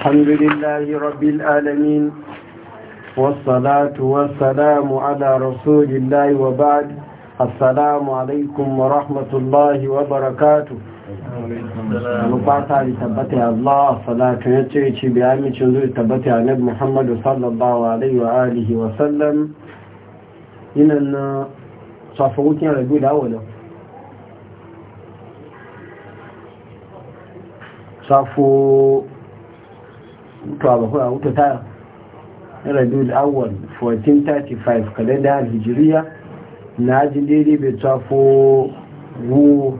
الحمد لله رب العالمين والصلاة والسلام على رسول الله وبعد السلام عليكم ورحمة الله وبركاته da tabbata Allah salatu ya ce ci bi zuri tabbata a nabi Muhammadu sallallahu Alaihi wa alihi wa sallam na wukin da mutuwa ba kuma mutu ta rabiul awwal 1435 kalenda al-hijriya na ji daidai bai tafo wu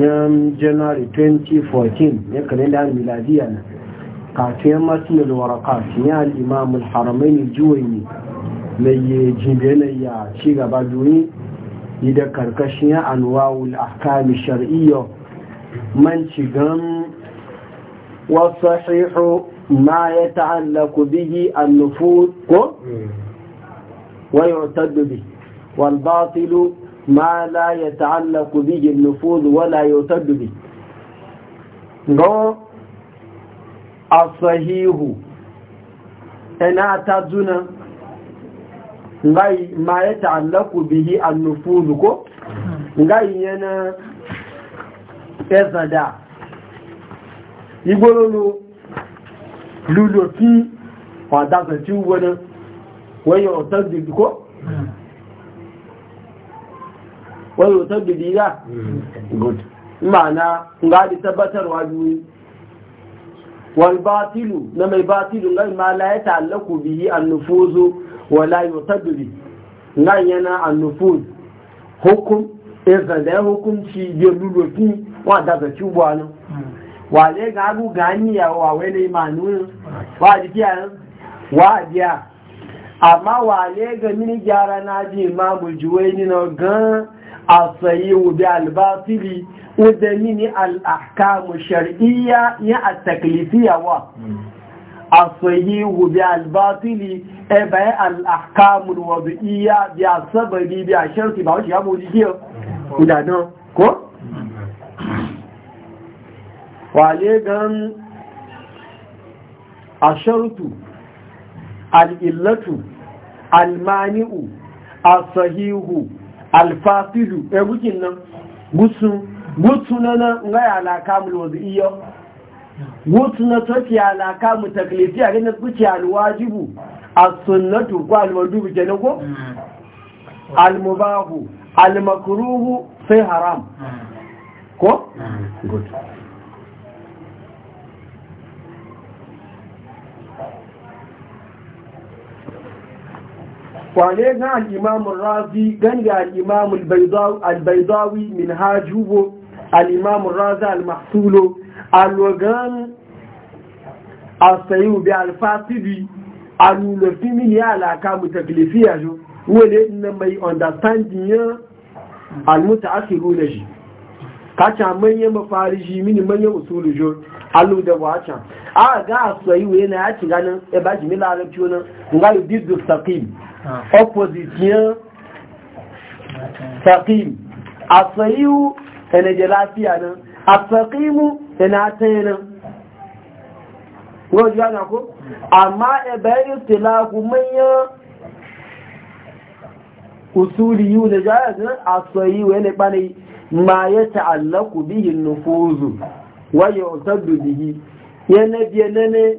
yan january 2014 ya kalenda na kafin masu waraka ya al-imam al yi jibiyar ya ci gaba duni yi da karkashin anwawul ahkami shar'iyya man ci gan والصحيح ما يتعلق به النفوذ ويعتد به والباطل ما لا يتعلق به النفوذ ولا يعتد به الصحيح أنا تدنا ngai ma ya ta'allaku bihi an-nufuz ko ngai yana tsada igbólólò lúlò tí ọ̀dáfẹ̀ tí ó wọ́nà wọ́yọ̀ ọ̀tọ́dìdì kó wọ́yọ̀ ọ̀tọ́dìdì yá good ma'ana ga di tabbatarwa biyu batilu na mai batilu ngai ma la ya ta'allaku bihi an-nufuzu wa la yutadri bi ngai yana an-nufuz hukum idan da hukum shi ya lulo fi wa daga cibuwa nan hmm. wale ga agu gani ya wa wele manu wa dikiya wa dia amma wale ga mini gyara na ji imamu juwaini na gan asayi ubi albasili wadda mini al'akamu shari'iyya ya a taklifiya wa asayi ubi albasili e bayan al'akamun wadda iya biya sabari biya sharti ba wace ya mu jikiyar mm. ko? wale gan ashartu al'illatu almani'u asahihu alfasidu ya eh, wikin nan gutsu na nan gaya alaka mulwazi iya gutsu na tafi alaka mu taklifi a ganin kuci alwajibu a sunnatu ko alwajibu ke ko hmm. almubahu almakuruhu sai haram hmm. ko? Hmm. good wane na al'imamun razi ganga al'imamun albaidawi min hajjubo al'imamun razi al-mahsulo alwagan asayi bi alfasidi alulafi min ya alaka mutaklifi a jo wale na mai understanding ya almuta ake rune shi kacha manya mafari shi mini manyan usulu jo alu da wacha a ga asayi yana ya ci ganin ya e ba mila larabci wani Ah. Opposition yan saqim asayu ene je lafiya nan asaqimu ene atayna ngo ji ana ko amma e bayin tilahu manya usuli yu da jayaz asayu ene bane ma ya ta'allaku bihi nufuzu wa yu'tadu bihi yana biyanane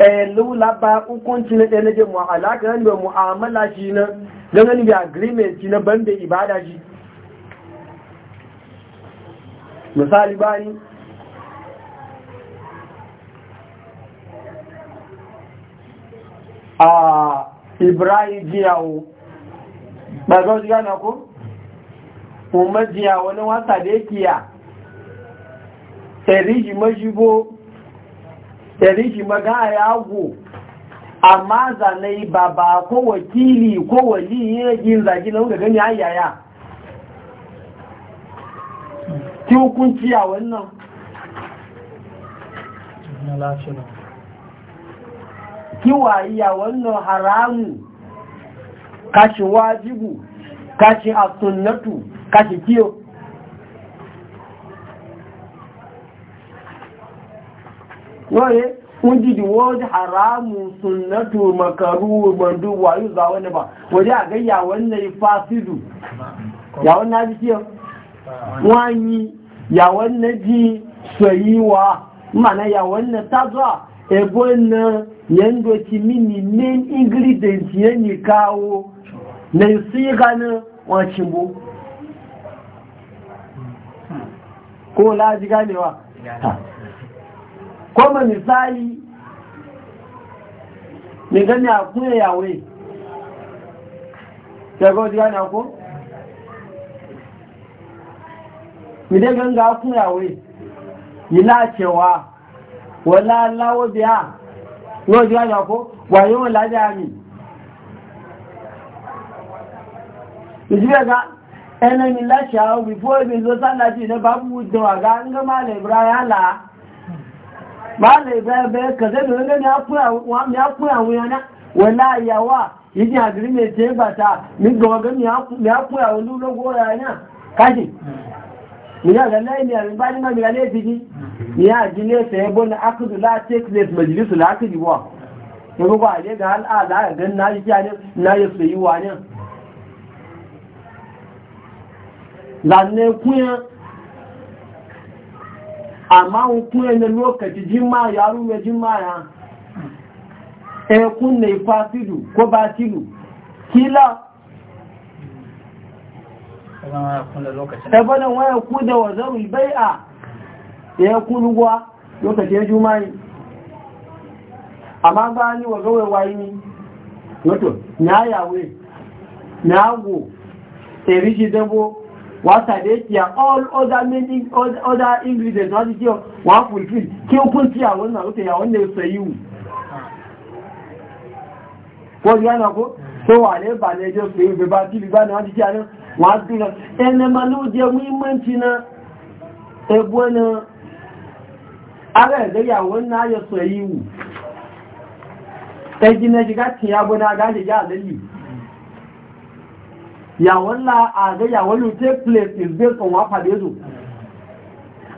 Eh, lula ba hukunci na ɗaya na je mu'alaka nan da mu'amala shi na ganin da agreement shi na banda ibada shi misali bani a ah, ibrahim jiyawo ba ga wasu gana ko? umar jiyawo na wasa da yake ya eri shi majibo ɗari shi maga ya go amma zanai ba ba ko wakili ko wali yin zagi na wuga gani ayyaya ki hukunci a wannan Ki wayi a wannan haramu kashi wajibu kashi asunnatu kashi kiyo waye kun ji di wani haramu sunnatu makaru mandu wayo za wani ba waje a gayya wannan fasidu yawon na ji kiyo wani yawon na ji soyiwa mana ya wannan tazwa ebo na yando ti mini main ingredient ni kawo na siga na wacin bu ko laji ganewa kuma misali ne gani a kuna yawe shago ji gani ako? mide ganga a yawe yi lacewa wala lawo biya yau ji gani ako wayo wala biya mi ìjíbẹ̀ ga ẹnẹ́ni láṣẹ́ àwọn ìfọ́ sáàdájì ní bá àgá ń gẹ́mà lè bra yálà ba zai be baya ka zai na wani ya kuna wuyana wala yawa yiji agiri mai ce ba ta min ga wagan ya kuna wani lura goya na kashi ya gana ne abin ba nima mila ne fiji mi ya ji na akudu la take place ga ba ga al'ada na yi na yi sayi wa amma hukun yana lokaci jima ya rume jima ya ekun na ifasidu ko batilu kila ebonan waya ku da wazarul bai'a e, ya kulugwa lokacin jumani amma ba ni wa gawai wayi ni wato na yawe na agwo eri dabo wọ́n da kí a all other main other ingredients wọ́n ti kí wọ́n fulfill kí ó pín sí àwọn náà ó tẹ̀yà wọ́n lè yíò wọ́n ti yánà kó tó wà ní ìbàlẹ̀ ẹjọ́ pé ìgbè bá ti kí àná wọ́n ma ló jẹ mú na ẹgbọ́ ara ẹ̀dẹ́yàwó náà yawon la'aga yawon you take place is based on wafadezo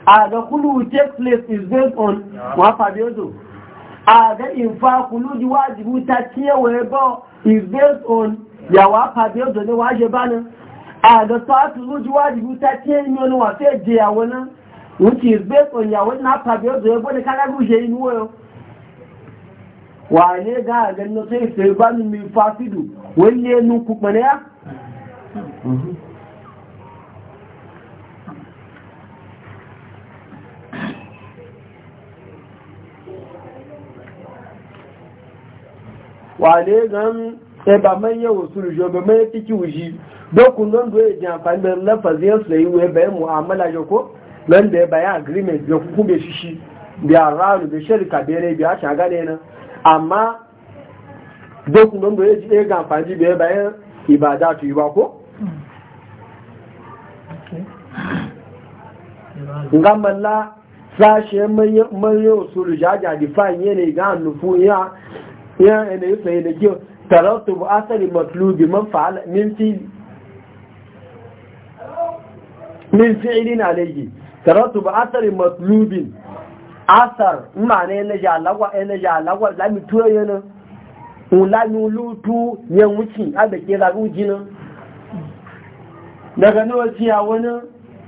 aga kulu take place is based on aga infa kulu ji wajibu ta ba is based on yawon wafadezo ne waje banin aga sa'atu ji wajibu ta kewaye wani wafe je yawon nan which is based on yawon na wafadezo ya bane kana gushe yi nuwayo wane ga ganin sai sai banin fasidu ne Mhm. wale gan ba man yau suljo ba mai fiki wuji dokun don do ya amfani da lafazin ya sai we bai mu'amala ya ko nan da ya bayan agreement ya ku be shishi biya ranu da shirka bere biya shaga ne nan amma dokun don do ya ji ga amfani da bayan ibada to yi ba ko ngamalla sashe manyan su rijaja define yanayi ga nufu ya yanayi sai da kyau tarattu bu asali matlubi man fa'ala min fili min fi'ilin alayhi tarattu bu asali matlubin asar ma ne na jalagwa na jalagwa lami tuyo yana ulami lutu yan wuci a da ke zaru daga nawa ciya wani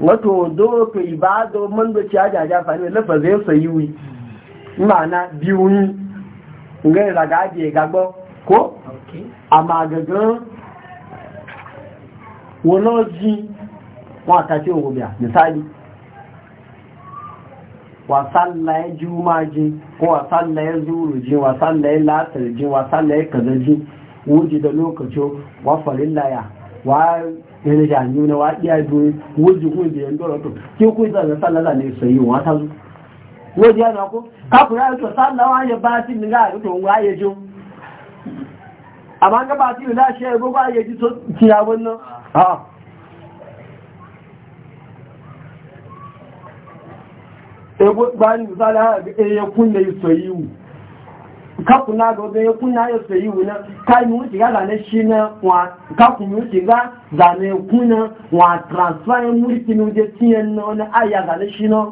wato do to ibado man do ci aja ja fani lafa zai sayi mana biyu ni ngai raga je gagbo ko amma gagan wono ji wa ta ce go biya misali wa sallaye jumaji ko wa sallaye zuruji wa sallaye latarji wa sallaye kazaji wuji da lokaci wa farillaya wa yana da hannu na iya biyu wajen kuma da yanzu rato ke kuwa zaga sallala ne sayi wa ta zo wajen yana ko kafin ya to sallawa ya ba shi ni ga a rito wa ya jo amma ga ba shi da shi ya gogo ya ji to kiya wannan a ebo ba ni misali ha ga ya kunna yi sayi kakuna ga wajen kuna ya sayi na ka yi wuce ga zane shi na wa ka kuma wuce ga zane na wa transfer ya mulki ne wajen tiyan na wani aya zane shi na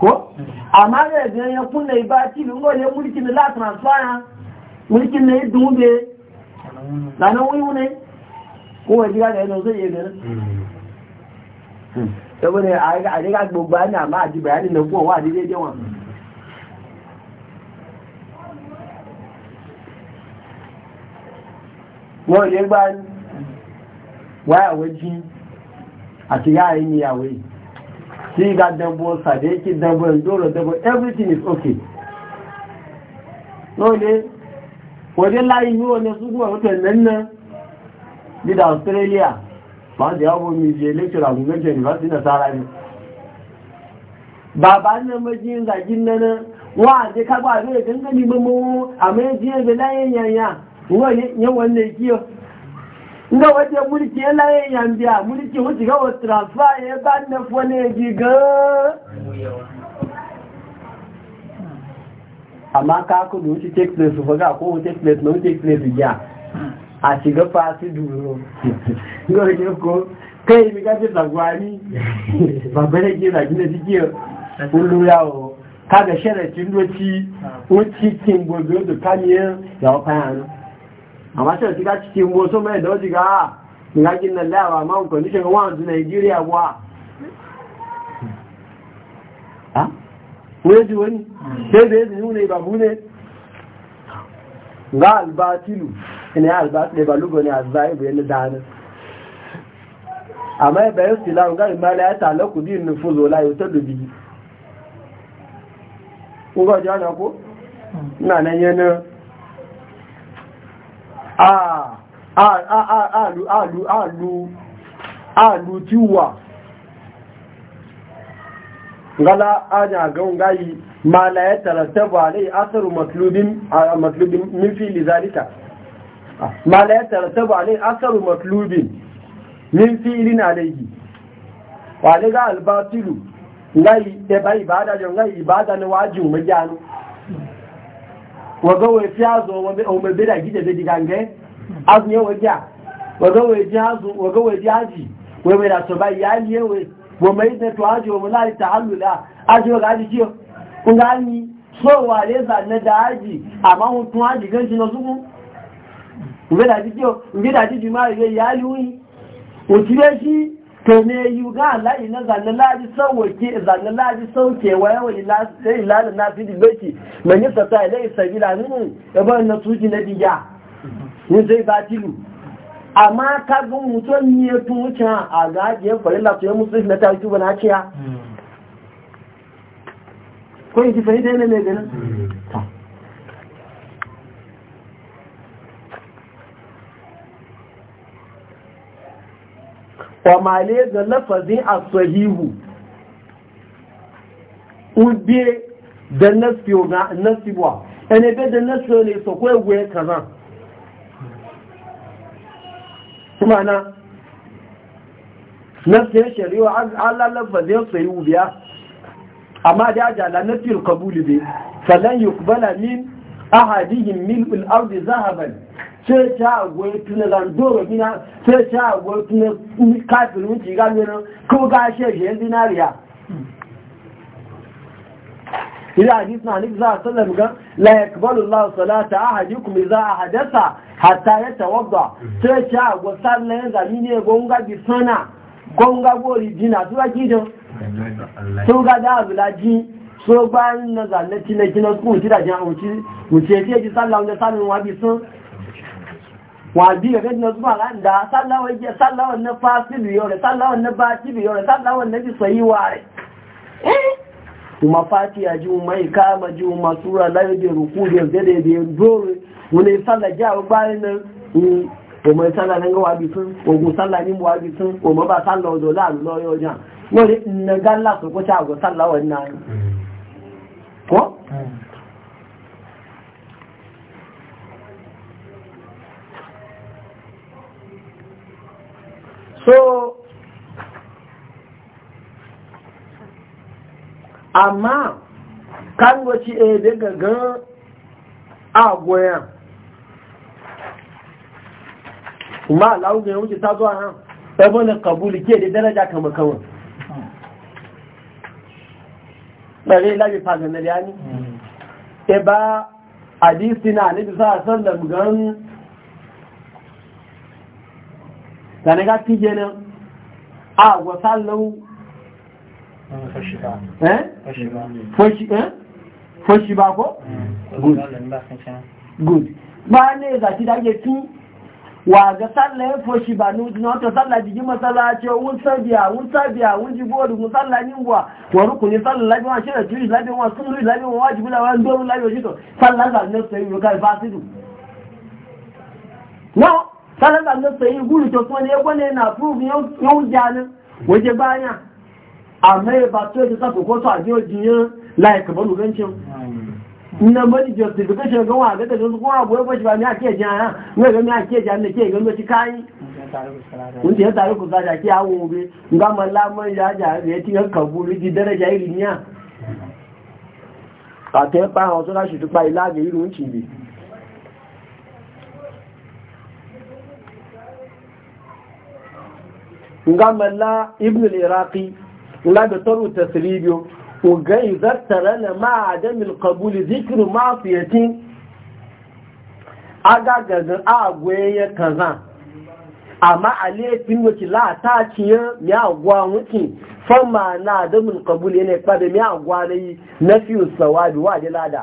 ko Amare da ya gani ya kuna yi ba ci lungo ne mulki ne la transfer ya mulki ne ya dube zane wuyu ne ko wajen ga yanzu zai yi gani saboda a ga gbogbo ana ma ji bayanin na kowa a daidai wọn wọ́n lè gbá wáyàwó jí àti yáà ní ìyàwó yìí sí ìgá dẹ̀bọ̀ sàdẹ́kì dẹ̀bọ̀ ìdóòrò dẹ̀bọ̀ everything is okay wọ́n lè wọ́n lè láyé ní wọ́n lè súnmọ̀ ọ̀tọ̀ lẹ́nà lídà Australia máa dẹ̀ ọgbọ̀n mi jẹ́ lecture agunmẹ́jọ university na sára ni bàbá náà méjì ń ràjí náà wọ́n àti rẹ̀ gẹ́gẹ́ ní gbogbo àmẹ́jì ẹgbẹ̀ láyé yẹnyẹn yan wannan kiyo nga waje mulki yana yin yambiya mulki wuce ga wasu transfer ya ba na fone giga amma ka ku da wuce take place su faga ko take place na wuce place ya a shiga fasi duro ga waje ko kai mi gaje zagwani babba ne ke zagi da jike kullu yawo kaga sharadin ah. doci wuce kin gobe da kamiyar yawo fayanu amma sai shiga cikin boso mai da wajen ga ngagin nan lawa ma ko ni shiga wa zu Nigeria wa ha wai ji wani sai da yanzu ne ba bune ga albatilu ina albatilu ba lugo ne azaibu yana dana amma bayan silamu ga imala ya talaku din nufuzo la yutadu bihi ko ga jana ko ina nan yana àlù tí wà gala aja gaun gayi ma la ya ba alai asaru matlubin matlubin min fi lizalika ma la ya ba alai asaru matlubin min fi'lin alayhi wa alga albatilu ngai e bai ibada jo ngai ibada ne wajin mu janu wagawa fi hazo wani bida gida da digange azu ne wajiya wagawa ji hazo wagawa ji haji wai mai da so ba iyali yawe wa mai da to haji wa mulali ta hallula aji wa gaji azi kun ga hanyi so wa ne zanne da haji amma hun tun haji gan shi na zuku wai da ji ciyo wai da ji jima'a iyali wuyi shi to ne yi ga Allah na zanna laji sauke zanna laji sauke wa yawa ilalin na fi dibeki mai yi sata ila sabila min ya bar na tuki na biya ni zai batilu amma ka ga mutum ne ya wuce a gajiyar farilla to ya musu na tafi bana ciya hmm. ko yi ki fahimta yana mai ganin hmm. wa male ga lafazin asahihu ubiye da nasibuwa ẹni da nasibuwa ne sọ kó ẹgbẹ́ kaza kuma na nasiyar shari'a allah lafazin sahihu biya amma da ajala nasiyar kabuli bai sannan yi kubala min ahadihin mil'ul ardi zahaban sai ci agwa ya gina sai ci agwa ya tuna kafin wuce gano nan ko ga zinariya ila hadis na nufi za a sallam ga la yakbalu Allah salata ahadikum idza ahadatha hatta yatawadda sai ci agwa sallan zami gonga bi sana gonga gori jina su ga gidan to ga da ji so gba na zalaci na su da wa bi sun wàbí ẹ̀rẹ́ ní ọdún àrá ń dá sáláwọ̀ jẹ́ sáláwọ̀ ní fásílù yọ rẹ̀ sáláwọ̀ ní bá tíbi yọ rẹ̀ sáláwọ̀ ní jùsọ yíwá rẹ̀ ma fati a ma ika ma ji ma tura layo da da da wani mai gun ni mu bi sun o ba salla o zola na mm. ko ta mm. so amma kan wace e daga gan agoyan kuma al'augun wuce ta zuwa nan ɗabonin kabuli ke da daraja kama kawai ɗare labi faganar yani hmm. e ba hadisi na alibi sa sallam gan zane ga fi jenin a wasa lau eh? fashi eh? ba ko? good ba ne za ki ke tu wa ga sallah ya fashi ba na wata sallah jikin masala ce wun sabiya wun sabiya wun jibo da wun sallah yin wa wa rukuni sallah labi wa shirin turi labi wa sun ruri labi wa wajibi labi wa domin labi wa shi to sallah za ne su yi rukai fasidu no sára bá lọ sọ yìí gúrù tó fún ẹni ẹgbọ́n ní ẹ̀nà fúrúfú yóò jẹ́ àná wọ́n jẹ́ báyà àmọ́ ẹ̀bà tó ẹ̀jẹ̀ sàkókò tó àjẹ́ òjì yẹn láìkẹ̀ na mani justification ga wa daga su kuma ba ni ake ji ana ga ni ake ji ana ke ga lokaci ya ka ji la ga iru nga malla ibn al-iraqi la da taru tasribiyo ga izattara na adam al-qabul zikru ma'siyatin aga gagan agwaye kaza amma alefin wace la ta ciye mi agwa wuce fama na adamun kabul yana kwa da mi agwa dai yi na fi sawabi wa da lada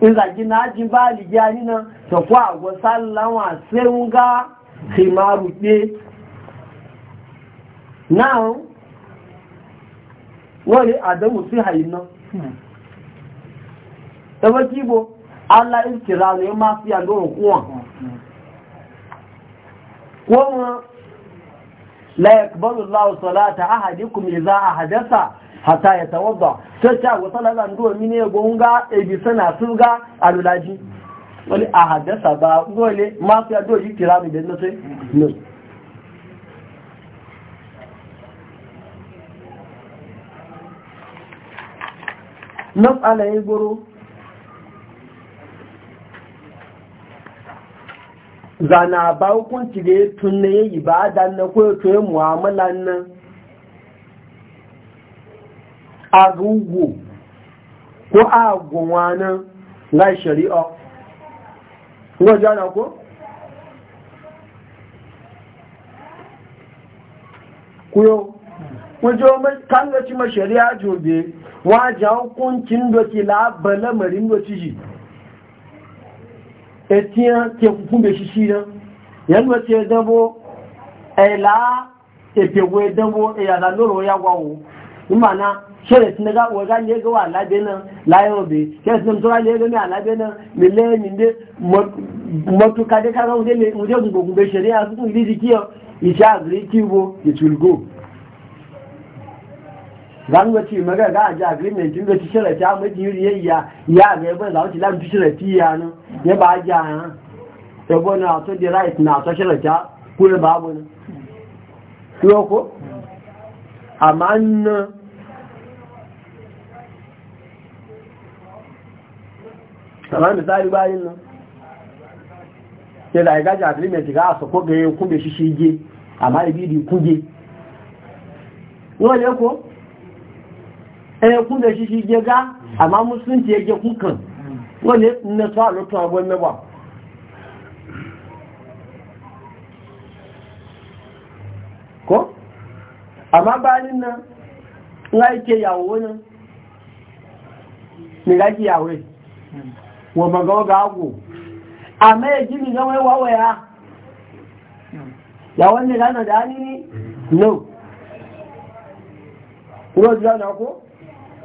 ìzàjí náà jí bá lìjá nínà tọ̀fọ́ àgbọ̀sá láwọn àṣẹ́wúngá sì máa rù pé náà wọ́n rí àdánwò sí àìná ẹgbẹ́ tí bó alá rẹ̀ máa fi àdóhùn kún wọn hata ya tawadda sai ta wata lalla ndo mi gonga ebi bi sana suga alulaji wani a haddasa ba wani masu ya doji kira mi da nasai no mas'ala ya goro zana ba hukunci da ya tunne ya yi ba adan na koyo to ya nan agugu ko agunwa nan lai shari'a ko jana ko kuyo mai ma shari'a jobe wajen hukuncin da ke labala marin da ciji etiyan ke kukun da shi shi nan yadda ce a ila a ya gwawo mana shere sun ga waga ne ga wala be nan layo be shere sun tora ne ga mi ala be mi le mi de motu ka de ka ga unde le unde go go be shere a sun di kiyo isha go ga maga ga agreement ga shere ta ya ya ga lan shere ti ya no ba ja ha to to right na to shere ta ne ko aman aman amma misali bayin nan sai da ga jafiri mai shiga a sako ga yin kube shi shige amma da bidi kuge wani ko ɗaya kube shi shige ga amma musulunci yake kukan wani na a lokacin abuwan mewa ko amma bayanin nan nga yake yawo nan ni ga ki yawo wa magawa ga ago amma ya gini ga wai wawaya yawon wanne gana da ni no ko da na ko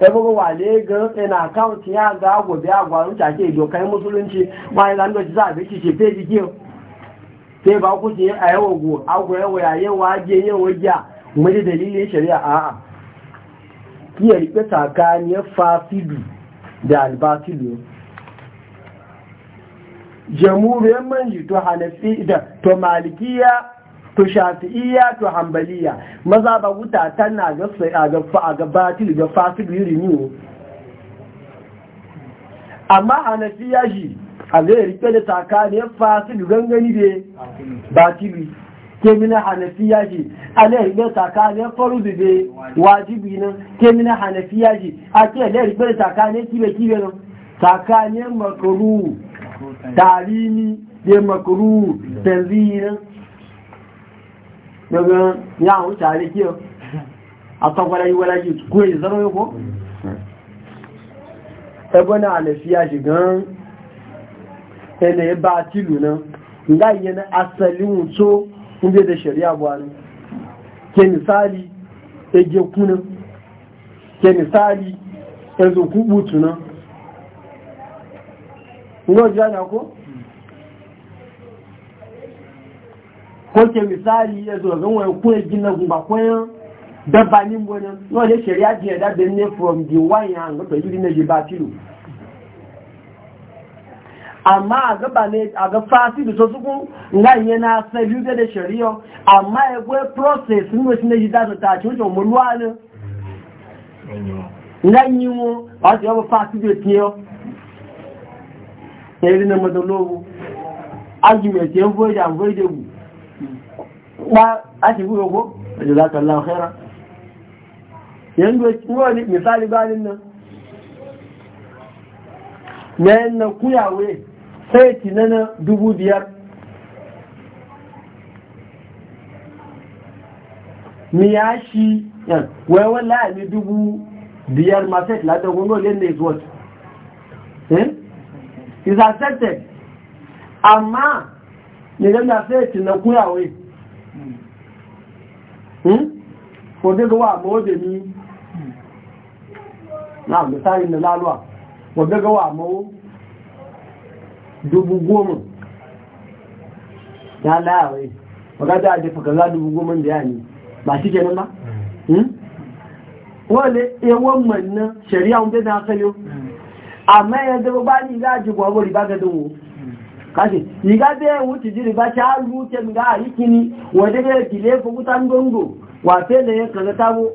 ẹgbogbo wà lé gan ẹnà àkáùntì ní àgbà àgbòbí àgbà àrúntà àti ìjọka ní mùsùlùmí wọn ni lánàá ti sáàbí ti ṣe péjì ajé mai dalilin shari'a a'a iya rike tsakaniyar fasidu da albasidu jamhuriyar manji to hanafi da to malikiya to shafi'iya to hambaliya maza ba wuta tana ga a ga batil ga fasidu yiri ne amma ya shi a zai rike da tsakaniyar fasidu gangani da batili kemina hanafiya ji alayhi bai tsakanin farudu bai wajibi nan kemina hanafiya ji a ke alayhi bai tsakanin kibe-kibe nan tsakanin makaru na da makaru tanziyi nan daga yawon wuce a rikiyo a takwara na hanafiya gan sun bai da shari'a buhari ke misali ya ge ke misali ya zo kubutu nan ji ana ko? ko ke misali ya zo zanwa kuna gina gumba kwayan dabbanin wani da shari'a jiyar da ne from the one ya hanga to yi ba jibatilu amma a gaba ne a ga fasi da sosukun nga yi na sabi da da shari'a amma ya kwe process sun wasu na jita su tace wuce umarwa ne nga yi mu a su yaba fasi da tiyo ya yi na madalogo argument ya da and void egu ba a ti guyo ko da za ka lafiya yanzu wani misali ganin nan na yana kuyawe sai ti na dubu biyar mi ya shi wai wala mi dubu biyar masu ita da gungo lenda is what eh? is accepted amma ni ganda sai ti na kuyawe hmm? ko daga wa de ni hmm. na misali na laluwa wadda gawa mawu dubu goma ya la'awai wadda a jefa kaza dubu goma da yani ba shi kenan ba? wale yawon manna shari'a wunde na asali amma yadda ba ni za a ji gwamnati riba ga dinwo kashi yi ga ya wuce ji riba ta rute ga a rikini wadda ya kile fukutan gongo wafe da ya kaza tabo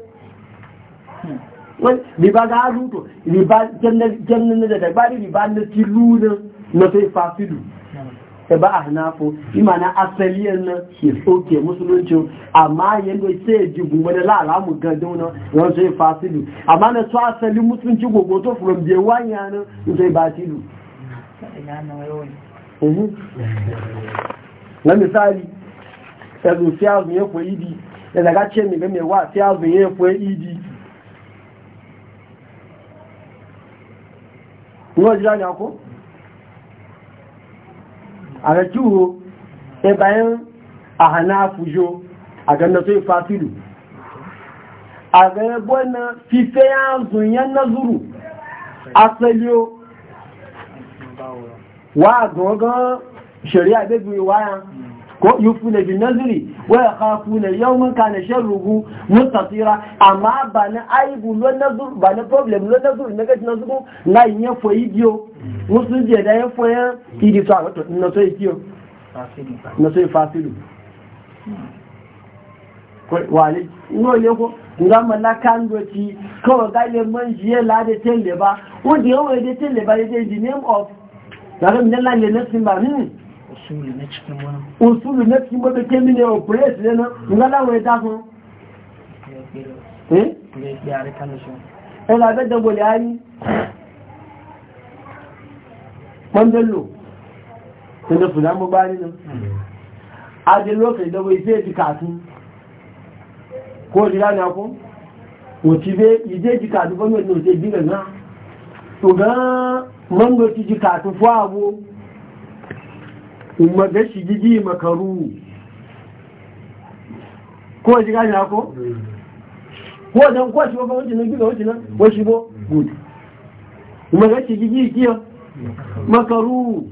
riba ga ruto riba jannan da dabari riba na tiluna na sai fasidu ta e ba a hanafo imana asaliyar nan ke soke musuluncin amma yadda sai ji gumba da lalamu gado na wani sai fasidu amma na su asali musulunci gogoto from day one yanar sai basidu na misali ɗazu fiya zuye kwa idi di daga ce mai game wa fiya zuye kwa di. wọ́n jẹ́ àjá kó ààrẹ tí ó ẹbàyán àhànà àfújó àgbẹ̀nà tó ìfà sílù àgbẹ̀rẹ̀ bọ́ẹ̀nà fífẹ́ ààzùn yẹn náà zúrù asẹ́lẹ̀ wà àgbọ̀ngán ṣẹ̀rí àgbẹ̀gbẹ̀ wáyán ko yufuna bin nazri wa yakhafuna yawman kana sharruhu mustatira amma ba na aibu lo nazur ba na problem lo nazur na gaji nazur na yin ya foyi biyo musu je da ya foya idi sa wato na so yiyo na so fasilu ko wale ngole ko nga ma na kando ti ko gale man je la de tele ba o de o de tele ba de the name of na ga min la le na simba ni usulu na cikin wani usulu na cikin wani ke mini o press ne na ngala we da kun eh? eh ya re eh, da bole mandallo tun da fulan mu nan mm. a da lokaci da bai sai jikatu ko jira na ko motive ije jikatu ba mai no sai bi ga to ga mango jikatu fo abu kuma ga shi gigi makaru ko shi gani ko don ko shi ba wuce nan bo good kuma gigi kiyo makaru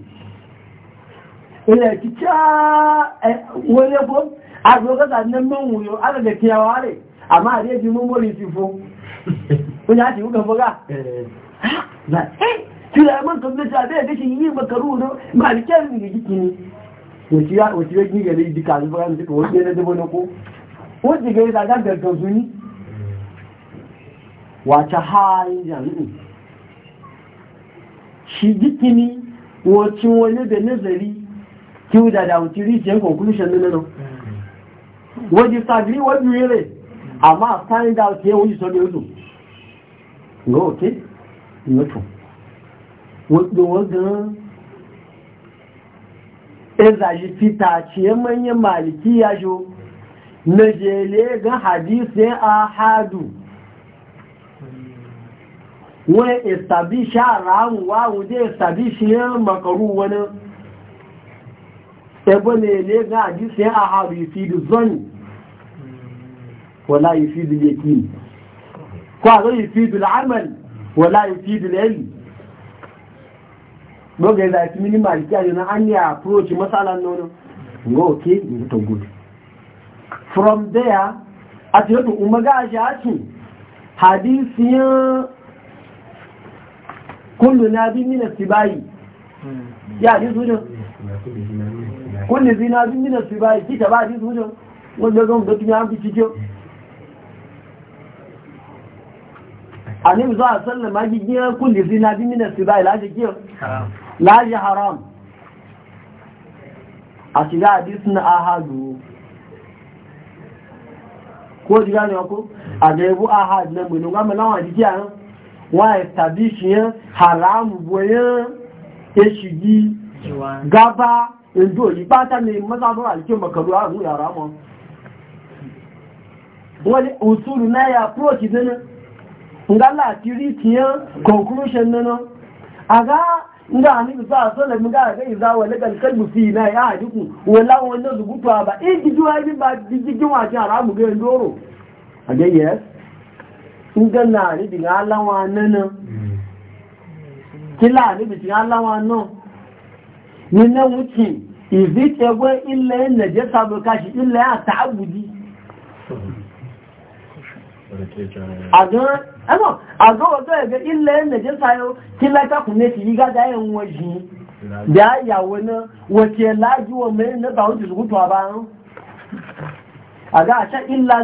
ila ki ca eh, wani a zo ga zannan man wuyo ala da kiyawa ne amma a reji mun wuri sifo Sulaiman kan zai tafiya da shi yi makaru na malikin da jiki ne. Wace ya wace ya gina ne duka zuwa ran duka wace na dubo na ko. Wace ga yana ga garkan suni. Wace halin jami'i. Shi jiki ne wace wani da nazari kiwu da da wuce rijiyar conclusion na nan. Wace sagiri wani yere amma find out ya wuce sobe yuzu. Ga oke? Mutum. wọ́n gan ẹzàṣì fita àti ẹmọ́nyẹ màlìkí yájò nàìjíríà gan hadisi ahadu wọ́n ìsàbíṣà ráhùn wáhùn dé ìsàbíṣì makaru wani ẹgbọ́ nàìjíríà gan hadisi ahadu ìfìdí zọ́nì wọ́lá ìfìdí yẹ̀kí kọ́ àrọ́ ìfìdí al'amal wọ́lá ìfìdí lẹ́lì gbogbo ìlà ìsinmi ní ìkí àyọ̀nà a ní àpúròchì mọ́sálà náà ngo òkè tó gùn from there àti yóò tún umaga àṣẹ àti hadisiyan na sí báyìí yá ní jọ sí na nínà sí báyìí kíkà bá wọ́n gbẹ́gbẹ́ ní àbí jíjọ àníbùsọ́ àṣẹ́lẹ̀ má jíjẹ́ kullu sí na bí nínà sí báyìí láti jíjọ láàáyí haram a shiga hadisi na ahadu ko shiga ne wako a da yabu ahadu na mulun gama lawan jiki a haramu boyan ya gaba indo yi bata ne mazabar alikin wani na ya approach nana nana a ga nga anibi sa so le nga ga iza wee kal kalbu fi na ya adiku wala wala zugutu ba e ba wa ga ndoro Ndị yes nga na ni bi ala wa nana kila ni bi ala wa no ni na izi tebe na je ẹ̀mọ́ àgọ́ ọ̀tọ́ ẹ̀gẹ́ ilẹ̀ ẹ̀nẹ̀jẹ́ sáyọ́ kí lẹ́kàkùn ní ti yí gájá ẹ̀wọ̀n yìí bí a yàwó náà wọ́n ti ẹ̀ láàájú ọmọ ẹ̀ nípa oúnjẹ ìsìnkútù àbá àgá àṣẹ ìlà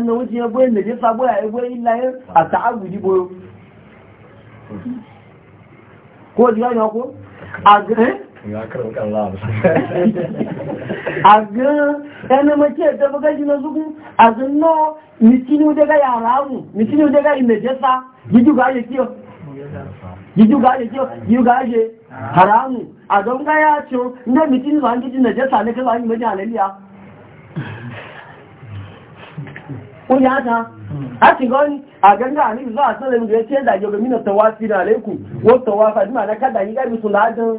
náà a gan yana mace da bugaji na zugun a zanno mitinu daga yara mu mitinu daga imejesa jiju ga yi kiyo jiju ga ake kiyo jiju ga ake haramu a don ga ya ce inda mitinu ba jiju na jesa ne kala yi mace halaliya ƙunya ta a ti gani a ga ne za a sanar da ya ce da yogamina tawafi na alaikum wata wafa jima na kada yi garbi su ladin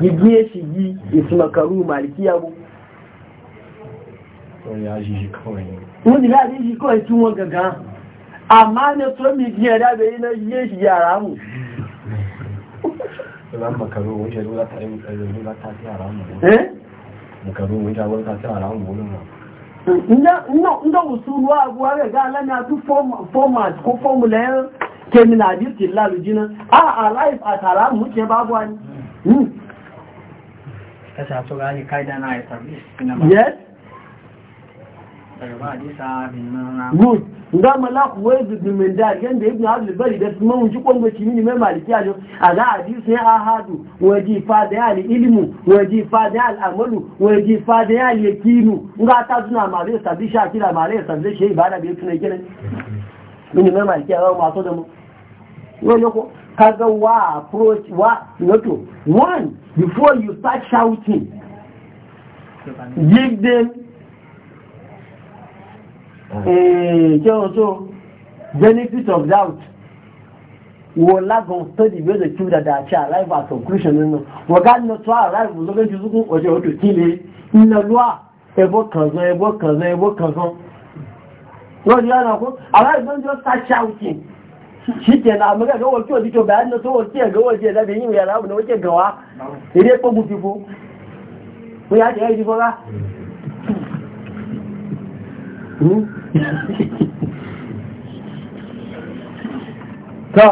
gigiye shi yi isu makaru maliki yabo wọ́n ya ní ìṣíkọ́ ìtú wọn gangan a máa ne tó mi da ẹ̀dá bẹ̀rẹ̀ iná shi ṣì yàrá mù makaru wọ́n ṣe ló látàrí àrá mù makaru wọ́n ṣe látàrí àrá mù olùmọ̀ ndọ́ òṣùlù àgbò rẹ̀ gáà lẹ́nà format yes good nga malaku wezu dimendar yanda ibn abdul bari da su mawunci kwanwa kimi ne mai a a ji sai ahadu waje fada ya li ilimu waje ya al'amalu waje ya li yakinu nga ta suna mare sabbi shakira mare sabbi shi ibada kaga wa approach wa noto one before you start shouting give them eh so benefit of doubt wọ́lá gan study where the children dey achieve arrive at conclusion nínú wọ́gá ní ọ̀tọ́ arrive lọ́gbẹ́ jù sókún ọjọ́ odò tí lè iná lọ́wọ́ ẹbọ́ kànzán ẹbọ́ kànzán ẹbọ́ kànzán lọ́dí ọ̀nà kó arrive don just start shouting shi ke na amma ga wakil wajen kyau bayan na so wakil ga wajen da bai yi mai na wakil gawa sai dai fifo ko ya ce ya yi fifo ba hmm? ta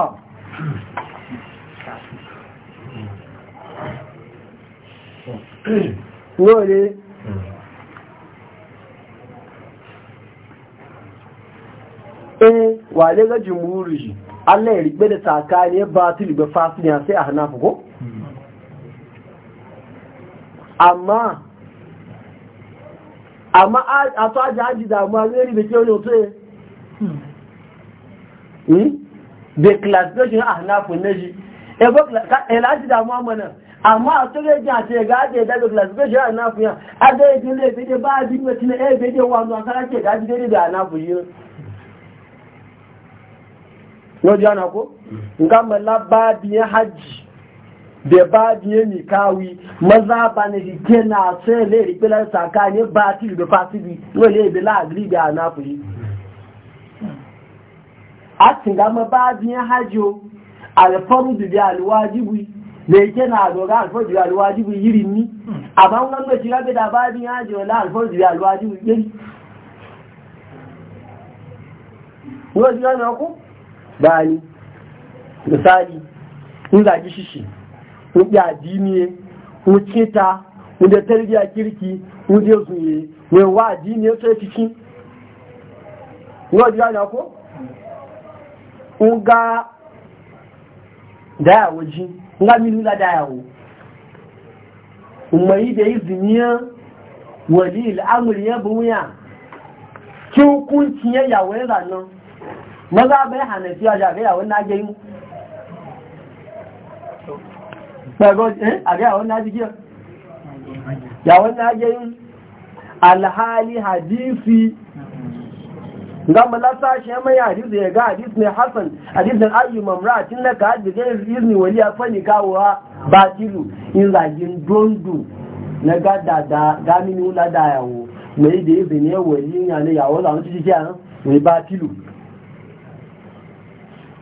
eh wale ga jumhuri shi Allah ya rigbe da tsakani ya ba fasiliya sai a hanafu ko amma amma a to aji aji damuwa zai ribe ke wani otu ya da classification a hanafu na shi elaji eh, eh, damuwa mana amma àti ẹ̀gá àti classification ànáfíà adé lọ́jọ́ àná kó bá biyan hajj da ba biye mi kawi maza ba na rike na sai le rike la saka ne ba ti da fasidi no le be la agri na fuyi a tinga ma ba biye hajo al farudu bi al wajibi da yake bi al wajibi yiri ni amma wannan ba jira da ba biye hajo la al yiri ti bani misali in zagi shishi in yaji ne in cita in da tarbiya kirki in je zuye mai wa addini ya sai cikin yau jiya na ko in ga dayawo ji in ga minu da dayawo umayi da izini ya wali al'amuri ya buya ki hukunci ya yawo ya zanen maza bai hanafiya jagaya wannan ake yi agaya wannan ake yi ya wannan ake yi alhali hadisi ga malasa shi mai hadisi ya ga hadisi ne hasan hadisin ayyu mamratin laka hadisi izini ya fani kawowa tilu in zagin dondo na gada da gamini wula da yawo mai da izini waliya a yawo zama cikin yana mai tilu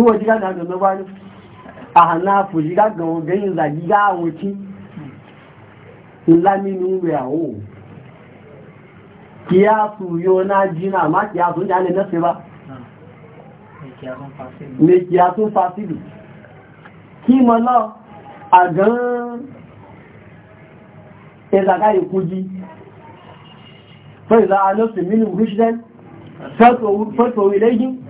tí wọ́n jígá náà gbẹ̀mẹ́ wá ní àhànáàfò jígá gbẹ̀wọ̀n gẹ́yìn ìzà jígá àwọn tí ńlá rẹ̀ àwọ̀ kí á sù yóò náà jí má kí á sù ní mẹ́sẹ̀ bá mẹ́kí á tún fásílì kí mọ́ náà àgán ẹ̀zàgá ìkú jí fẹ́ ìzà alọ́sìn mínú rúṣẹ́ fẹ́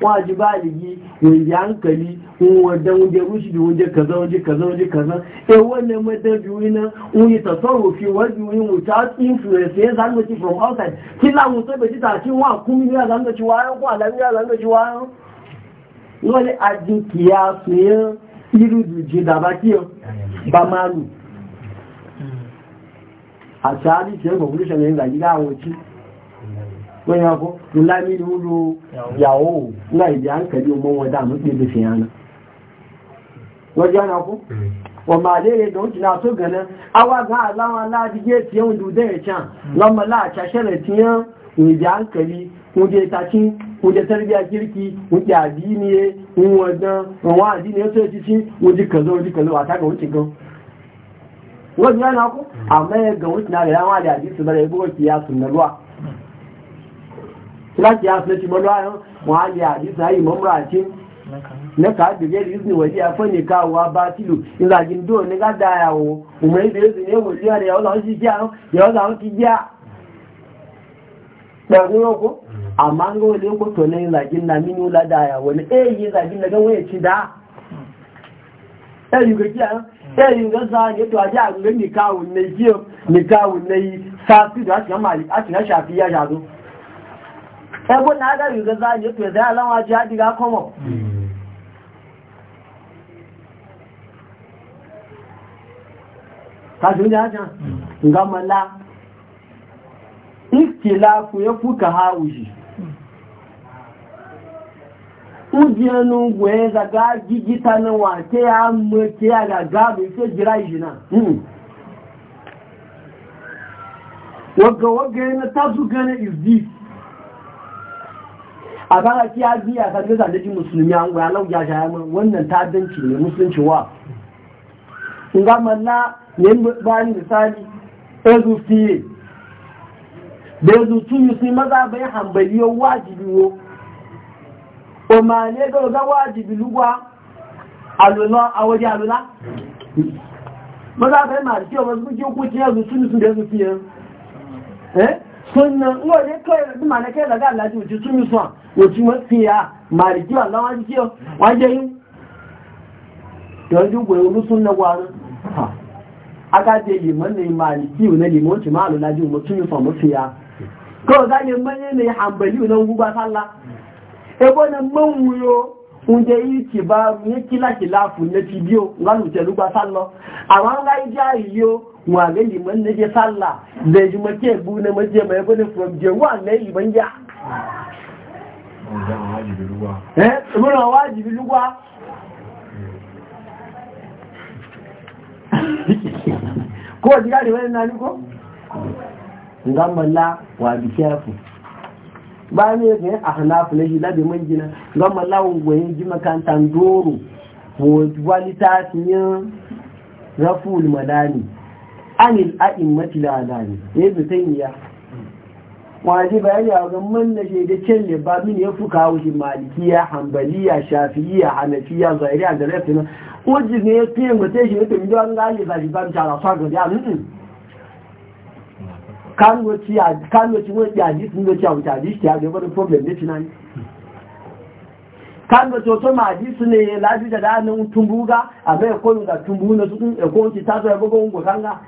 kwaji baligi mai hankali, wadda wunje rushi da wunje kaza wunje kaza wunje kaza e wannan mata biyu na wunye tasarrufi wadda wunye wuta influence ya zanga ci from outside kila wuta bai ci tashi wa kumi ya zanga ci wayan ko alami ya zanga ci wayan wani ajin kiyasu ya iru duje da ba kiyo ba malu a tsari ce ba kulishan yin da ga wuce wọ́n yà kó ńlámi lúlu yàwó ńlá ìdí àǹkàlí ọmọ wọn dà mú pèbè fi hàn wọ́n jẹ́ àná kó wọ́n máa léèrè tó ń jìnà tó gẹ̀lẹ́ awága aláwọn aládìgé tí ó ń dúdẹ́ ẹ̀chàn lọ́mọ láàṣà tí ó ìdí àǹkàlí oúnjẹ ìtàkí wọ́n jẹ́ àná kó àmọ́ ẹ̀gàn oúnjẹ rẹ̀ àwọn àdìsí bẹ̀rẹ̀ ìbúrò kìí asùn láti afẹ́tí mọ́lọ́ ayọ́ wọ́n á yẹ àdísà ayì mọ́mọ́ àti lẹ́ka àgbègbè ìrìsìn afọ afọ́nìká wà bá tìlù ìlàjìndó nígbà dáyàwó òmùrẹ́ ìbẹ̀rẹ̀ ní èwò sí ọ̀rẹ́ ọlọ́run sí jẹ́ àwọn ìyọ́lá ń ti jẹ́ pẹ̀lú ọkọ̀ àmọ́ ń gbọ́ lé kòtò a ìlàjìndà nínú ládáyàwó ní èyí ìlàjìndà gẹ́wọ́ èkì ẹgbẹ́ náà gàrí ìrẹ́zá ní ètò ẹ̀zẹ́ ajé àdìgá kọmọ̀ kàṣíwájá ajá ngamala ìkìlá fúyẹ́ fúkà ha òjì na wà tí a mọ́ tí a gàgá bẹ̀ fẹ́ jira ìjìnà. Wọ́gọ̀wọ́gẹ́ na hmm. tábù gẹ́nà is a kan kiya biya kan da zalaji musulmi an goya lau ya shaya mun wannan ta'addanci ne musulunci wa in ga malla ne bayan misali ezu fiye da ezu tun musulmi maza bai hambali yau wajibi wo o ma ne ga ga wajibi lugwa alula a waje alula maza bai ma da ba kuci ezu tun musulmi da ezu fiye eh sunna kai kai tun musulmi òtí wọ́n fi ya màrìjí àlá wọ́n jíjẹ́ wọ́n jẹ́ yín tọ́jú pé olúsún lọ́wọ́ arán agájẹ lèmọ́ ní màrìjí ìwọ̀n lèmọ́ tí máa lọ lájú mọ́ tún ìfọ̀mọ́ fi ya kọ́ ọ̀gá ni mẹ́rin ní àmbẹ̀lì ìwọ̀n gbúgbá sálá ẹgbọ́ ni mọ́wùn yo oúnjẹ yìí ti bá ní kílákìlá fún ní ti bí o lálùtẹ̀ gbá sálọ àwọn ará ìjà yìí o wọn àgbẹ̀ lèmọ́ ní jẹ́ sálà lẹ́yìn mọ́ kí ẹ̀bú ní mọ́ jẹ́ mọ́ ẹgbẹ́ ní fún ọjọ́ wọn àgbẹ̀ ìbọn yá muna wajibi lugwa ko ji gari wani na lugo? gammala wa bi ba ne ga na shi labi man gina gammala wangwayin ji makantar doro wani tasirin raful madani anil a'in matila adani ya waje bayani a wajen manna shaida kyalle ba min ya fuka wuce malikiya hambaliya shafiya hanafiya zairiya da rafi na wajen ne ya fiye mutum shi mutum yi wani gashi ba shi ba mu tara sa gari a nutsun kanoci wani yaji sun zo cewa wuce aji shi ya ga wani problem ne kan kanoci wato ma aji su ne lafi da ranar tumbuga a bai koyo da tumbu na su e kun ekon ta zo ya gogon gwa kanga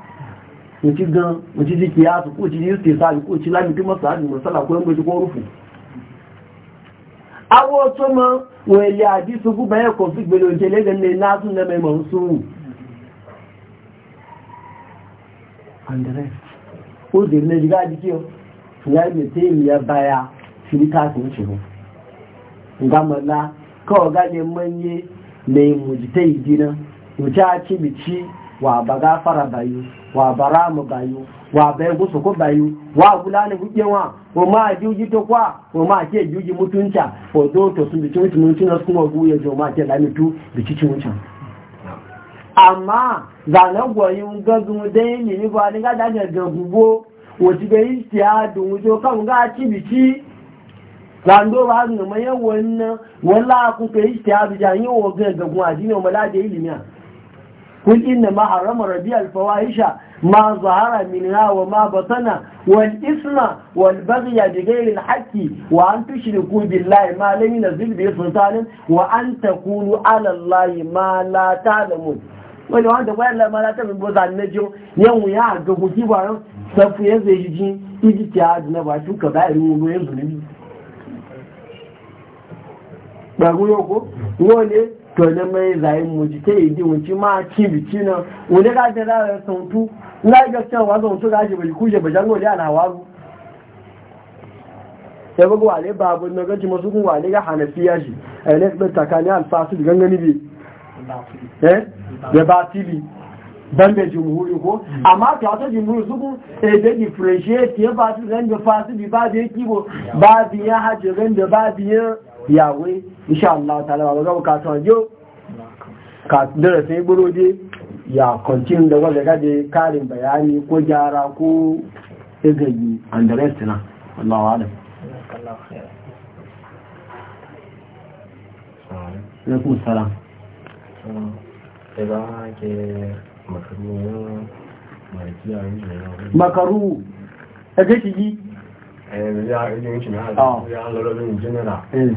mo ti gan mo ti di kiyasu ko ti di istisari ko ti lami kimo sari mursala ti ko rufu awo to mo wo ile hadisu bu bayan ko fi gbele oje le gan ne na tun na mai mansu and di ki ya baya ci ga dina wa ba gafara bayu wa baramu bayu wa bai gusu ku bayu wa gulani gujewa ko ma juji to kwa ko ma ke juji mutunta ko do to sun bi mutum mutun su kuma guye jo ma ke lamitu bi cici mutum amma zanen goyin gagun dai ni ni ba ni ga da ga gubo o ti ga istiya dun jo kan ga ci bi ci zando ba ga mayan wannan wala ku ga istiya bi jan yi o ga gagun ajini o mala da ilimiya قل إنما حرم ربي الفواحش ما ظهر ma وما بطن والإثم والبغي بغير الحق وأن تشركوا بالله ما لم ينزل به سلطان وأن تقولوا على الله ما لا تعلمون wani wanda wayan ta bimbo zane na jiyo yawon ya ga gugi ba ran safu ya zai ji jin iji ti a na ba su ka bayan ruwa ruwa yanzu na ba ruwa ko ruwa ne to ne mai zai mu ji ke idi mun ci ma ci bici na wani ga da zai sun tu na ga cewa zan su ga ji bai kuje ba jango da na wazu sai ba wale babu na gaji masu kun wale ga hanafiya shi a ne bin takani alfasu da gangani bi eh da batili ban da jumhuri ko amma ta ta jumhuri su kun eh da differentiate ya ba su ran da fasu bi ba da yake ba biya hajjin da ba biya yawe insha Allah ta'ala ba ga bukatun jo ka dare sai burodi ya continue da wanda gaje karin bayani ko gyara ko igayi and the rest na Allah wa alam alaikum salam makaru ẹgbẹ́ ti yí ẹ̀rẹ̀ ìrìn ìrìn ìrìn ìrìn ìrìn ìrìn ìrìn ìrìn ìrìn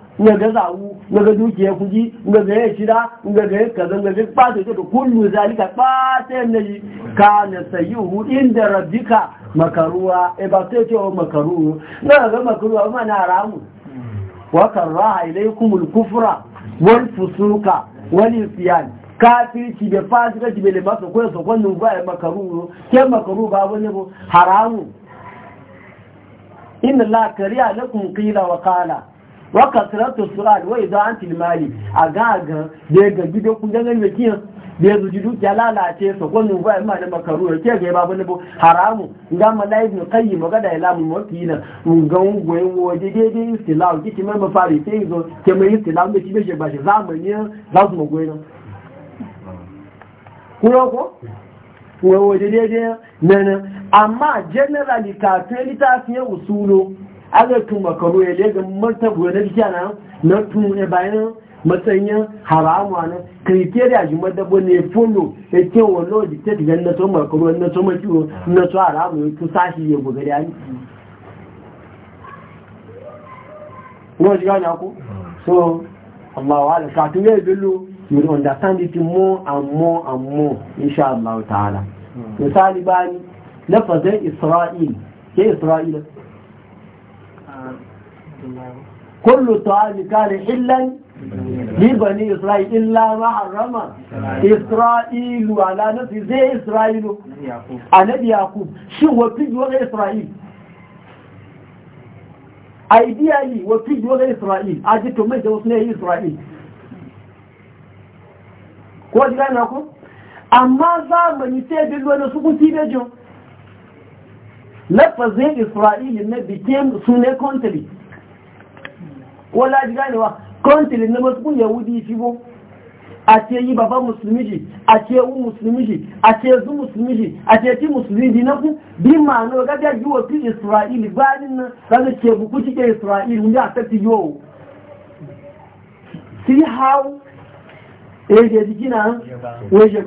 nga ga zawu nga ga dukiya kuji nga ga ya shida nga ga kaza nga ga fata to kullu zalika fata ne na sayyuhu inda rabbika makaruwa e ba sai ce makaru na ga makaruwa ma na ramu wa karaha ilaykumul kufra wal fusuka wal isyan kafirci da fasikanci bai limasa ko yasa kwanin ba ya makaru ke makaru ba wani haramu inna la kariya lakum qila wa qala wakasiratu su'al wa idza anti a agaga da ga gido kun gangan me kiyan da yanzu ji dukiya lalace su ko ba ma da makaru ya ke ga babu ne bo haramu ga malai ibn qayyim ga da ilamu mutina ga goyen waje daidai istilahu kiti mai mafari sai zo ke mai istilahu da kibe ba shi zamani za su mu goyen kuro ko waje daidai nan amma generally ka ta usulo aga tun makaru ya lega martabu na jiya na na tun ya bayan matsayin haramu na kriteria ji madabo ne folo ya ke wano da ta tiga na to makaru na to makiwo na to haramu ya tu sashi ya buga da ni wọ́n ṣe gánà kú so allah wa alaka tun yẹ bello you understand it more and more and more insha allah ta'ala hmm. misali bani lafazin isra'il ke isra'ila كل طعام كان حلا لبني إسرائيل إلا ما حرم إسرائيل على نفسه زي إسرائيل النبي يعقوب شو وفيد وغير إسرائيل ideally وفيد وغير إسرائيل أجدتم من جوصنيه إسرائيل ko ji gane ku amma zamani sai da wani su kun tibe jo lafazin isra'ili na bikin su ne country ko laji ganewa kontili na masu yahudi shi bo a ce yi baba musulmi shi a ce u musulmi shi a ce zu musulmi shi a ce ti musulmi shi na ku bi ma'ana ga ga yiwo fi isra'ili bayanin nan zaka ce ku cike isra'ili mun da ta ti yiwo see how eh je dikina we je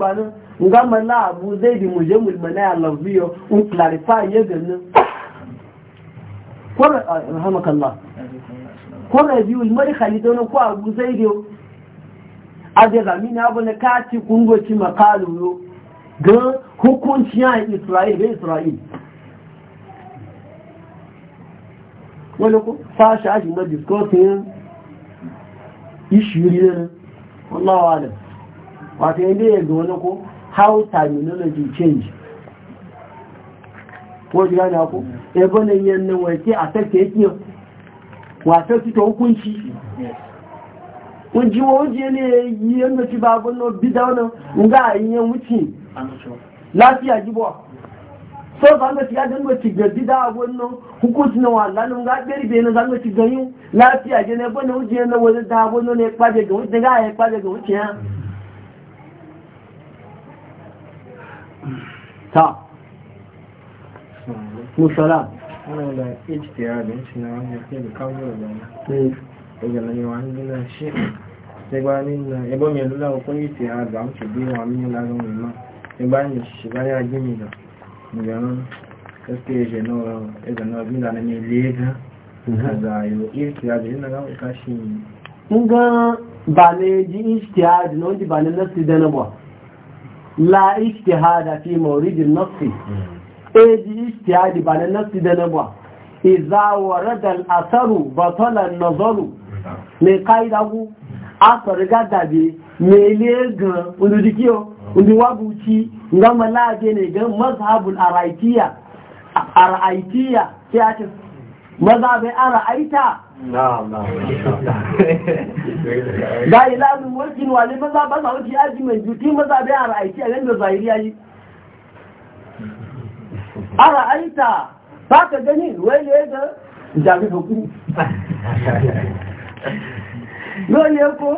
nga mala abu zai bi muje mu mana ya love you un clarify ya ganin ko rahmakallah ko rabiul madkhali don ko abu zaido ajaza mini abu na kati kungoci makalu yo ga hukunci ya isra'il ga isra'il wani ko sashi ashi na discussing ishiri ne wallawa da wata yadda ya ga wani ku, how terminology change ko ji gane ko ebe na yi yannan wake a take yake wata su hukunci ne yi yadda ci babin nga wuce lafiya so ga hukunci na na lafiya wani da ne kwaje ga wuce ga ya kwaje ga wuce ya ta wannan da ijtihadin shi na wanda ke da kawo da ne nan gina shi sai na yabo lula ko da amce bi wa min la ga mai ma sai shi ba ya gini da ganin gaske je no e ga no da ne ne lega da yo ina ga ka shi in ga ba ne ji ijtihad no ji ba ne da na ba la ijtihada fi mawridin nafsi eji istiyadi ba na nasi da na ba iza da asaru batala nazaru mai ka'ida ku asar gada bi mai legan wanda jikiyo wanda wabuci gama laje ne ga mazhabul araitiya araitiya sai a ce mazhabin araita da ilanin wakin wale mazhabin araitiya ji mai juti mazhabin araitiya yadda zahiri ya yi ara aita ba ka gani wale ga jami hukumi lóye kó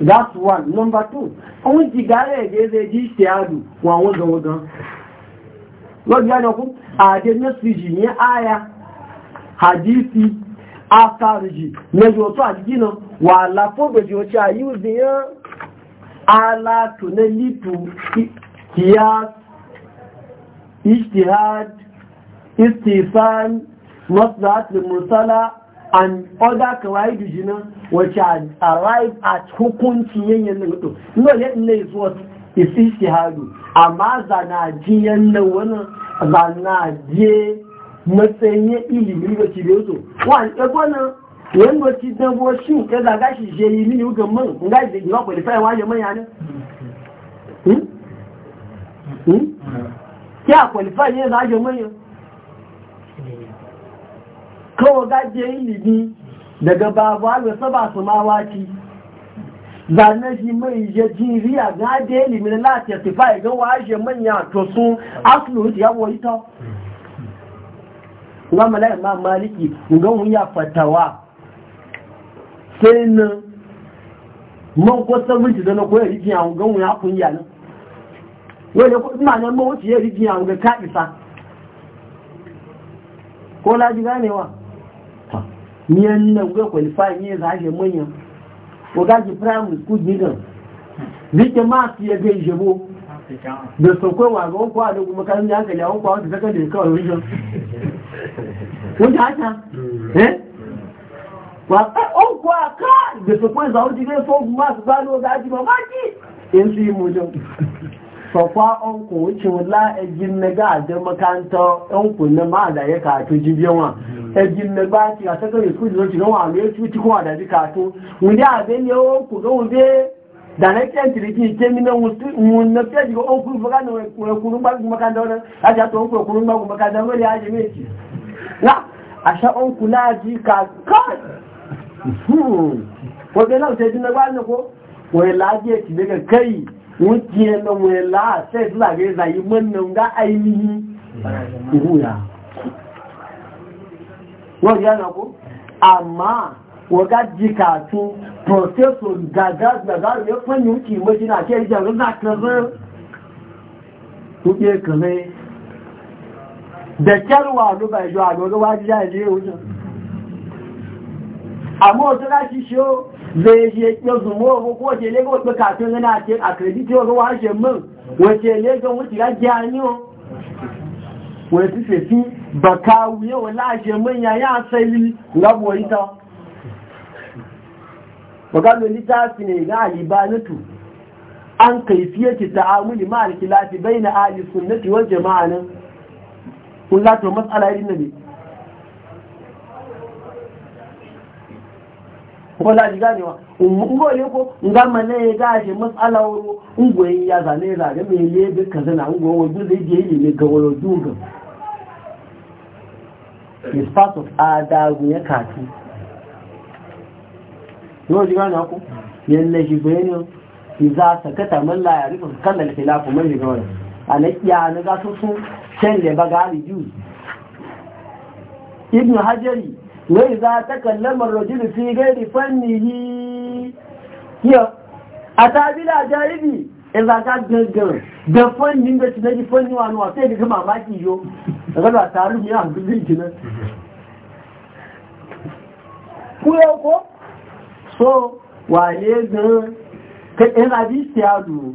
that's one number two ohun ti gàárẹ̀ ẹ̀gẹ́gẹ́ jí ṣe àdù wọn àwọn ọdọ̀wọ̀dán lọ́gbẹ́ ọ̀nàkú àdé mẹ́sìlì ní àyà àdífi afárìjì mẹ́jọ tó àdíjì náà wà láfọ́gbẹ̀jì ọ̀ṣẹ́ àyíwòsí yán alátùnẹ́lítù kìí ijtihad istisal maslahat mursala and other kawaii which had arrive at hukunci yanyan na no yet ne is what is ijtihadu amma zana ji wani zana matsayin ilimi ga ci da so wani ɗagwana wani wacce dabo shi ya zaga shi je yi mini hukun man nga ji ga kwalifai wajen manya ne hmm? Hmm? kí àpọ̀lífà ní ẹ̀lá mọ́yàn kọwọ́ gájẹ́ ìlìdí daga babu alwẹ̀ sọ́bà sọmáwá kí zane shi mai ya jiri a gade ilimin lati tifa ga washe manya to sun ta ma maliki ga mun ya fatawa sai nan mun ko da na koyar rikin a wani ina nan ba wuce a rijiya ga kaɗisa ko laji ganewa Miyan nan ga kwalifa ne za a manya ko gaji primary school gidan rike masu ya gai jabo da saukwai wa ga wankwa da kuma kan da hankali a wankwa wata kawai rijiyar wanda haka eh ọkọ̀ àká ìgbèsòpọ̀ ìzàwójì lé fọ́ọ̀gùn máa ti bá ní ọgá ajímọ̀ máa jí èyí sí ìmú jọ fafa on ko wuce wula ejin na ga ajin makanta on ko na ma da ya kato jibiyan wa ejin na ba ki a sakare su zo ci gawa ne su ci kuma da kato wani abin yawo ku ga wube da na kyan tiriki ke min na mun na fiye diga on kuru faga na kurun ba ku makanta wannan a ja to on ko ba ku makanta wani ya ji me ci na a sha on kula ji ka kai ko ga na ta jin na ba ne ko wai lafiya ki daga kai wuce na mwela sai zuwa ga zayi wannan ga ainihi ruya wọ́n yá na amma waga jikatu professor gaga gaga fanyi wuce wajen na ke jan za ka zai kuke da kyarwa ló bai jọ àgbọ̀gbọ̀ wájú ne wujen amma wata láti ṣe o zai je ya zumo ko ko ce le ko kafin yana ce a credit yo ko wa je mun wace le wuce ya ji jani o wace se fi baka wuye wala je mun ya ya sali Ba ka lori ta fi ne ga alibanatu an ta ta'amuli ma al-khilafi bayna ahli sunnati wal jama'a nan kullu matsala irin nabi ko za ji ganewa ngo ne ko nga mana ya gashi matsala wuro ngo ya zane zane mai le bi kaza na ngo wa dole je yi ne ga wuro duga is part of adagu ya kati ngo ji ganewa ko yalle shi bayani iza sakata man la ya rufe kallal khilafu man ji gawa ana iya na ga su sun can da ba ga aliju hajari wai za ta kallamar rajulu fi gairi fannihi yi. a tabila jaribi in za ka gangan da fannin da tunaji fannin wani wasu ya daga mamaki yau daga da tare mu yi hankulin kinan ku yau ko so Wa waye gan ka ɗin abin siyadu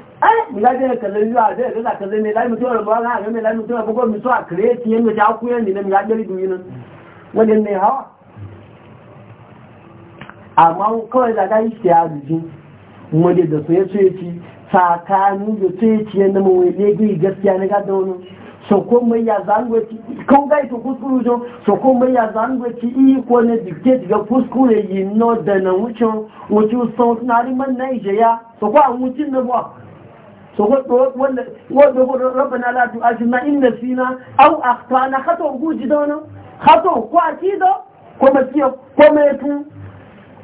Eh, milaje da kallon yiwa zai ga za zai mai lami tuwa ba za a ga mai lami tuwa ba ko mi tuwa kare ti yin da ta ku yan dinan ya ne hawa da ya duji mode da so ya so yaci tsakani da so yaci yanda mu ne gi gaskiya ne ga da wani so ko mai ya zango ci kan ga to kuskuru jo ko mai ya zango ci i ne dictate ga kuskure yi no da na wucin wucin so na ri man wadda rabbana la tu'ajilna in nasina aw akhtana khato guji dona khato ko akido ko masiyo ko metu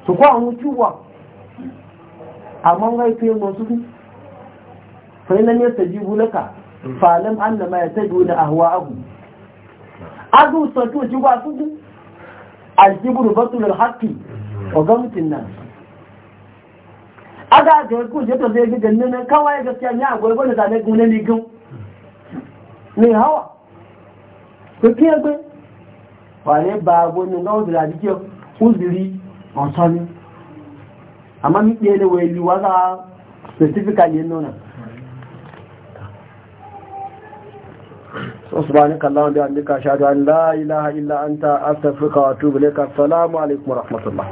to ko an ciwa amma ngai pe mo su fa inna ne tajibu laka fa lam anna ma yatajuna ahwa'ahu adu satu jiwa su aljibru batul alhaqi wa gamtin nas aga ga ku je to zai gidan nan kawai gaskiya ne a gurgurda da ne gunan ligin ne hawa ko ke gbe wale ba go ni no dira dike uzuri on sami amma mi de ne weli waza specifically nona سبحانك اللهم وبحمدك اشهد ان لا اله الا انت استغفرك واتوب اليك السلام عليكم ورحمه الله